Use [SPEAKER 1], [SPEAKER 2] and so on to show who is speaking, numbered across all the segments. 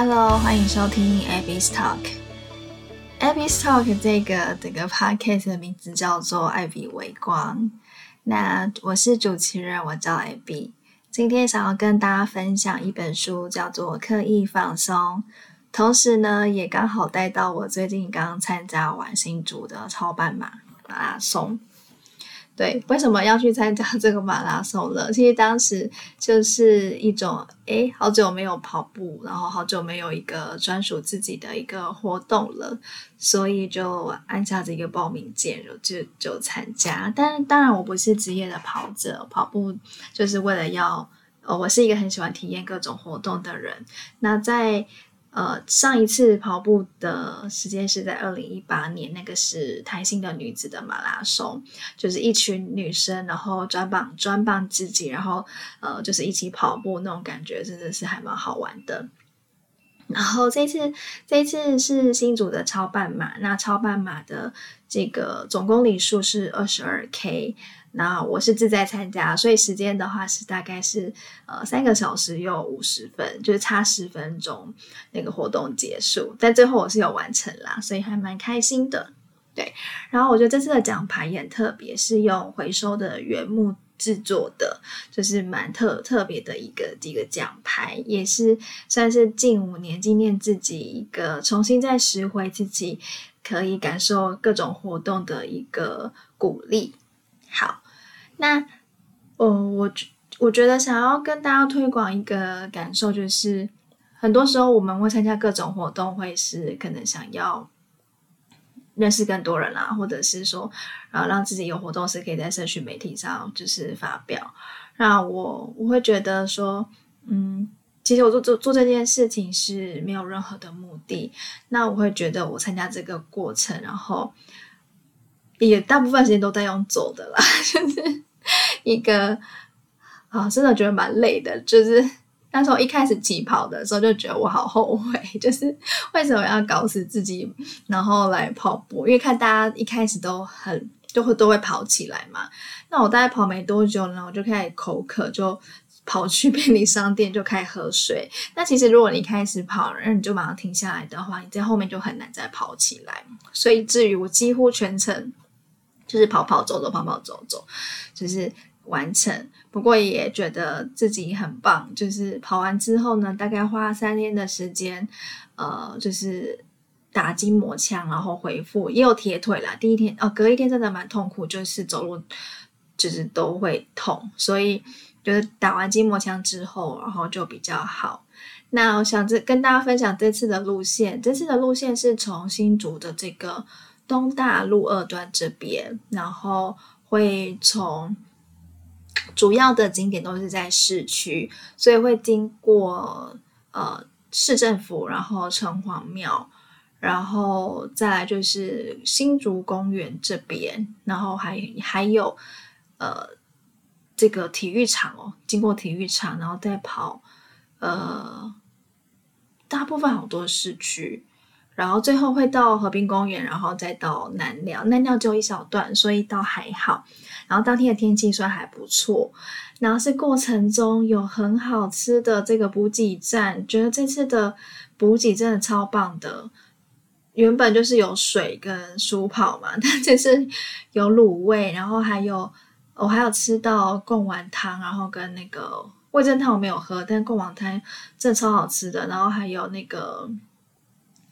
[SPEAKER 1] Hello，歡迎收聽 Abby's Talk。Abby's Talk 這個整個 podcast 的名字叫做艾比微光。那我是主持人，我叫 Abby。今天想要跟大家分享一本書，叫做《刻意放鬆》。同時呢，也剛好帶到我最近剛參加完新竹的超半馬馬拉松。對，為什麼要去參加這個馬拉松呢？其實當時就是一種，誒，好久沒有跑步，然後好久沒有一個專屬自己的一個活動了，所以就按下這個報名鍵就，就就參加。但當然，我不是職業的跑者，跑步就是為了要，呃，我是一個很喜歡體驗各種活動的人。那在。呃，上一次跑步的時間是在二零一八年，那個是台新的女子的馬拉松，就是一群女生，然後專棒專棒自己，然後呃，就是一起跑步那種感覺，真的是還蠻好玩的。然後這次，這次是新竹的超半馬。那超半馬的這個總公里數是二十二 K，那我是志在參加，所以時間的話是大概是呃三個小時又五十分，就是差十分鐘那個活動結束。但最後我是有完成啦，所以還蠻開心的。對，然後我覺得這次的獎牌也很特別，是用回收的原木，製作的，就是蠻特特別的一個一個獎牌，也是算是近五年紀念自己一個重新再拾回自己，可以感受各種活動的一個鼓勵。好，那，嗯、哦，我我覺得想要跟大家推廣一個感受，就是很多時候我們會參加各種活動，會是可能想要。認識更多人啦、啊，或者是說，然後讓自己有活動時可以在社群媒體上就是發表。那我我會覺得說，嗯，其實我做做做這件事情是沒有任何的目的。那我會覺得我參加這個過程，然後也大部分時間都在用走的啦，就是一個啊，真的覺得蠻累的，就是。但是我一開始起跑的時候就覺得我好後悔，就是為什麼要搞死自己，然後來跑步？因為看大家一開始都很就會都會跑起來嘛。那我大概跑沒多久呢，然後我就開始口渴，就跑去便利商店就開始喝水。那其實如果你一開始跑，然後你就馬上停下來的話，你在後面就很難再跑起來。所以至於我幾乎全程就是跑跑走走，跑跑走走，就是。完成，不過也覺得自己很棒。就是跑完之後呢，大概花三天的時間，呃，就是打筋膜槍，然後回復也有鐵腿了。第一天哦，隔一天真的蠻痛苦，就是走路就是都會痛。所以就是打完筋膜槍之後，然後就比較好。那我想這跟大家分享這次的路線，這次的路線是從新竹的這個東大路二段這邊，然後會從。主要的景點都是在市區，所以會經過呃市政府，然後城隍廟，然後再來就是新竹公園這邊，然後還還有呃這個體育場哦，經過體育場，然後再跑，呃大部分好多市區，然後最後會到河濱公園，然後再到南寮。南寮就一小段，所以倒還好。然後當天的天氣算還不錯，然後是過程中有很好吃的這個補給站，覺得這次的補給真的超棒的。原本就是有水跟舒跑嘛，但這次有滷味，然後還有我還有吃到貢丸湯，然後跟那個味噌湯我沒有喝，但貢丸湯真的超好吃的。然後還有那個。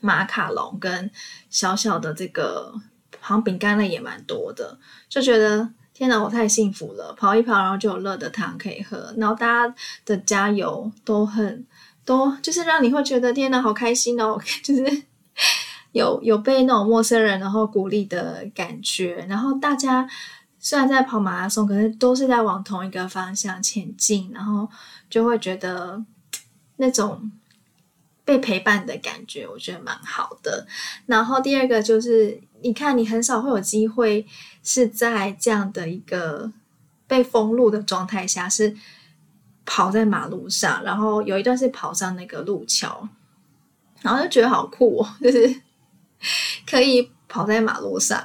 [SPEAKER 1] 馬卡龍跟小小的這個好像餅乾類也蠻多的，就覺得天吶，我太幸福了！跑一跑，然後就有熱的糖可以喝，然後大家的加油都很都，就是讓你會覺得天吶，好開心哦！就是有有被那種陌生人然後鼓勵的感覺，然後大家雖然在跑馬拉松，可是都是在往同一個方向前進，然後就會覺得那種。被陪伴的感覺，我覺得蠻好的。然後第二個就是，你看，你很少會有機會是在這樣的一個被封路的狀態下，是跑在馬路上，然後有一段是跑上那個路橋，然後就覺得好酷哦，就是可以跑在馬路上。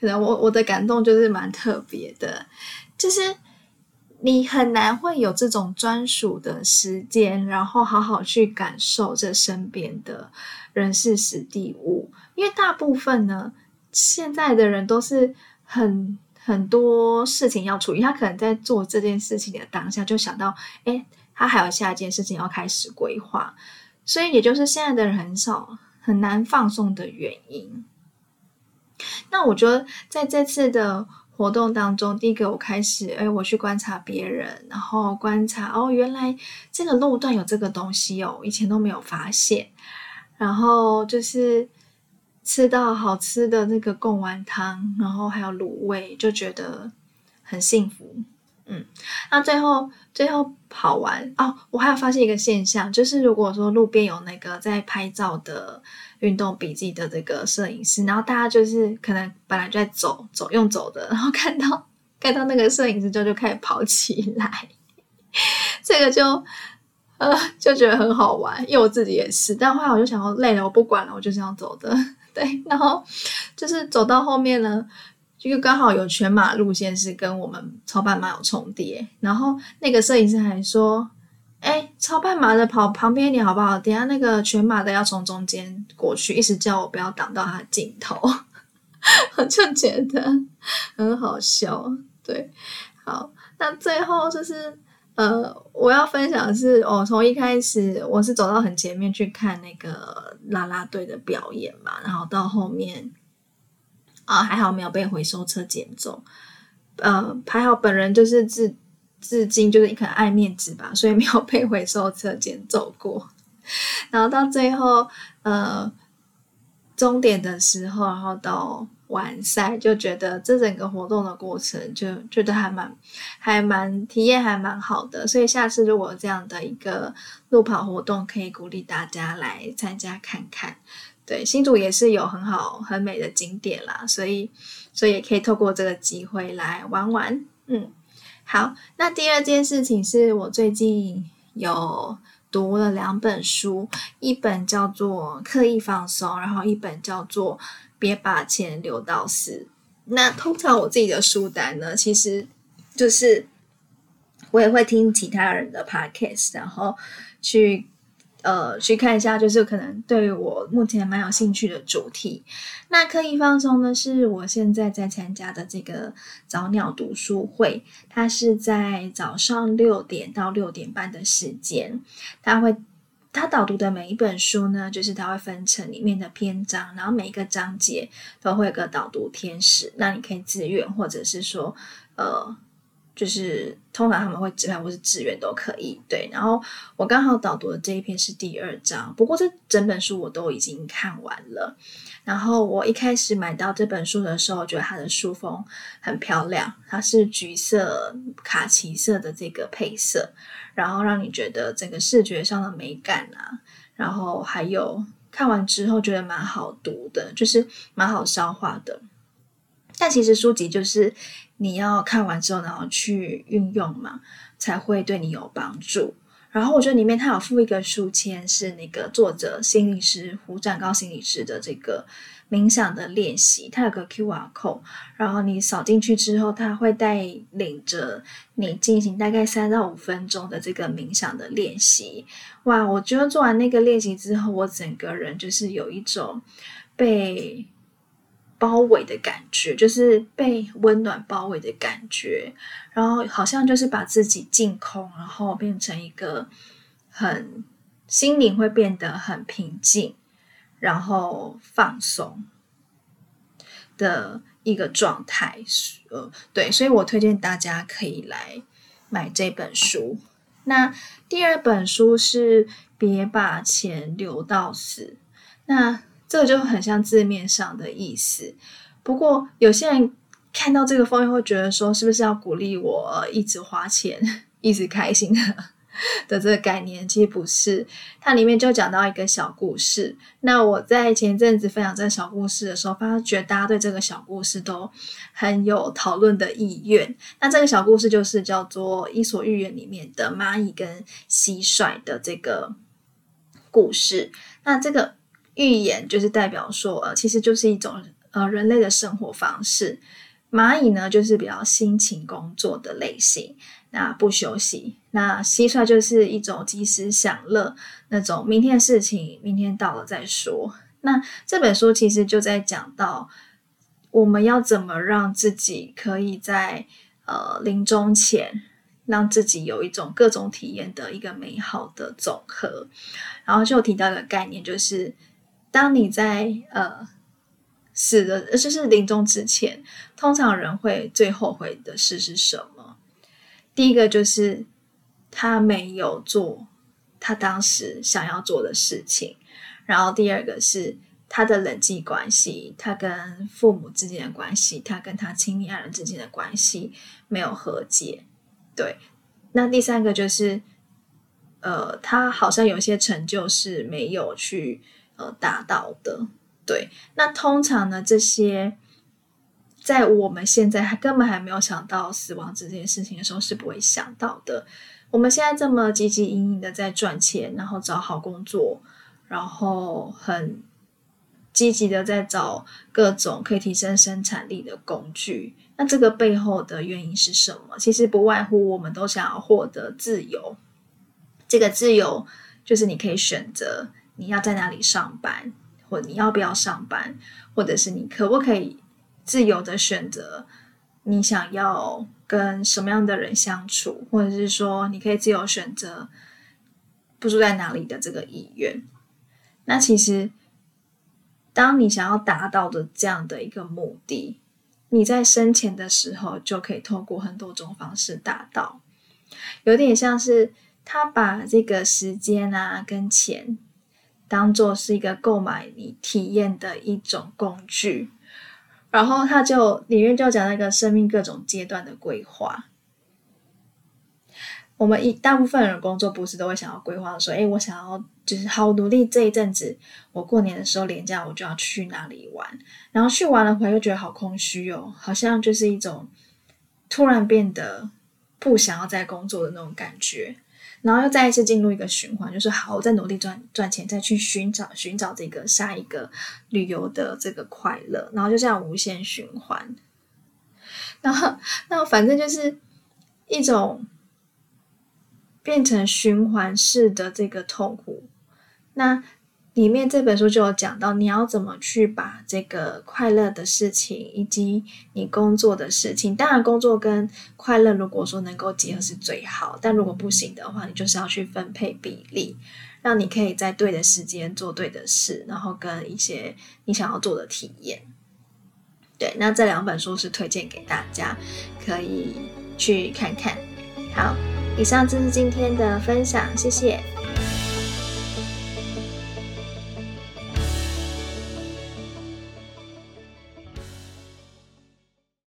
[SPEAKER 1] 可能我我的感動就是蠻特別的，就是。你很難會有這種專屬的時間，然後好好去感受這身邊的人、事、時、地、物，因為大部分呢，現在的人都是很很多事情要處理，他可能在做這件事情的當下，就想到，哎、欸，他還有下一件事情要開始規劃，所以也就是現在的人很少很難放鬆的原因。那我覺得在這次的。活動當中，第一個我開始，哎、欸，我去觀察別人，然後觀察哦，原來這個路段有這個東西哦，以前都沒有發現。然後就是吃到好吃的那個貢丸湯，然後還有滷味，就覺得很幸福。嗯，那最後最後跑完哦，我還有發現一個現象，就是如果說路邊有那個在拍照的運動筆記的這個攝影師，然後大家就是可能本來就在走走用走的，然後看到看到那個攝影師之後就開始跑起來， 這個就呃就覺得很好玩，因為我自己也是，但後來我就想，我累了，我不管了，我就這樣走的，對，然後就是走到後面呢。就剛好有全馬路線是跟我們超半馬有重疊，然後那個攝影師還說：“哎、欸，超半馬的跑旁邊你好不好？等下那個全馬的要從中間過去，一直叫我不要擋到他的鏡頭。 ”我就覺得很好笑。對，好，那最後就是呃，我要分享的是哦，從一開始我是走到很前面去看那個啦啦隊的表演嘛，然後到後面。啊、哦，還好沒有被回收車撿走。呃，還好本人就是至至今就是一顆愛面子吧，所以沒有被回收車撿走過。然後到最後，呃，終點的時候，然後到完賽，就覺得這整個活動的過程就，就覺得還蠻還蠻體驗還蠻好的。所以下次如果有這樣的一個路跑活動，可以鼓勵大家來參加看看。對，新竹也是有很好很美的景點啦，所以所以也可以透過這個機會來玩玩。嗯，好，那第二件事情是我最近有讀了兩本書，一本叫做《刻意放鬆》，然後一本叫做《別把錢留到死》。那通常我自己的書單呢，其實就是我也會聽其他人的 podcast，然後去。呃，去看一下，就是可能對於我目前蠻有興趣的主題。那刻意放鬆呢，是我現在在參加的這個早鳥讀書會，它是在早上六點到六點半的時間。它會，它導讀的每一本書呢，就是它會分成裡面的篇章，然後每一個章節都會有個導讀天使，那你可以自願，或者是說，呃。就是通常他們會指派或是志願都可以，對。然後我剛好導讀的這一篇是第二章，不過這整本書我都已經看完了。然後我一開始買到這本書的時候，覺得它的書封很漂亮，它是橘色、卡其色的這個配色，然後讓你覺得整個視覺上的美感啊。然後還有看完之後覺得蠻好讀的，就是蠻好消化的。但其實書籍就是。你要看完之後，然後去運用嘛，才會對你有幫助。然後我覺得裡面它有附一個書籤，是那個作者心理師胡展誥心理師的這個冥想的練習，它有個 QR code，然後你掃進去之後，他會帶領着你進行大概三到五分鐘的這個冥想的練習。哇，我覺得做完那個練習之後，我整個人就是有一種被。包圍的感覺，就是被溫暖包圍的感覺，然後好像就是把自己淨空，然後變成一個很心靈會變得很平靜，然後放鬆的一個狀態。呃，對，所以我推薦大家可以來買這本書。那第二本書是《別把錢留到死》。那這個就很像字面上的意思，不過有些人看到這個封面會覺得說，是不是要鼓勵我一直花錢、一直開心的這個概念？其實不是，它裡面就講到一個小故事。那我在前一陣子分享這個小故事的時候，發覺大家對這個小故事都很有討論的意願。那這個小故事就是叫做《伊索寓言》裡面的螞蟻跟蟋蟀的這個故事。那這個。寓言就是代表說，呃，其實就是一種呃人類的生活方式。螞蟻呢，就是比較辛勤工作的類型，那不休息。那蟋蟀就是一種及時享樂那種，明天的事情明天到了再說。那這本書其實就在講到，我們要怎麼讓自己可以在呃臨終前，讓自己有一種各種體驗的一個美好的總和。然後就提到一個概念，就是。當你在呃死了，就是臨終之前，通常人會最後悔的事是什麼？第一個就是他沒有做他當時想要做的事情，然後第二個是他的人際關係，他跟父母之間的關係，他跟他親密愛人之間的關係沒有和解。對，那第三個就是呃，他好像有些成就是沒有去。達到的，對。那通常呢，這些在我們現在還根本還沒有想到死亡這件事情的時候，是不會想到的。我們現在這麼汲汲營營的在賺錢，然後找好工作，然後很積極的在找各種可以提升生產力的工具。那這個背後的原因是什麼？其實不外乎我們都想要獲得自由。這個自由就是你可以選擇。你要在哪裡上班，或者你要不要上班，或者是你可不可以自由的選擇你想要跟什麼樣的人相處，或者是說你可以自由選擇不住在哪裡的這個意願。那其實，當你想要達到的這樣的一個目的，你在生前的時候就可以透過很多種方式達到。有點像是他把這個時間啊跟錢。當做是一個購買你體驗的一種工具，然後它就裡面就講那個生命各種階段的規劃。我們一大部分人工作不是都會想要規劃，說，哎，我想要就是好努力這一陣子，我過年的時候連假我就要去哪裡玩，然後去完了回來又覺得好空虛哦，好像就是一種突然變得不想要再工作的那種感覺。然後又再一次進入一個循環，就是好，我再努力賺賺錢，再去尋找尋找這個下一個旅遊的這個快樂，然後就這樣無限循環，然後那反正就是一種變成循環式的這個痛苦，那。裡面這本書就有講到，你要怎麼去把這個快樂的事情，以及你工作的事情，當然工作跟快樂如果說能夠結合是最好，但如果不行的話，你就是要去分配比例，讓你可以在對的時間做對的事，然後跟一些你想要做的體驗。對，那這兩本書是推薦給大家可以去看看。好，以上就是今天的分享，謝謝。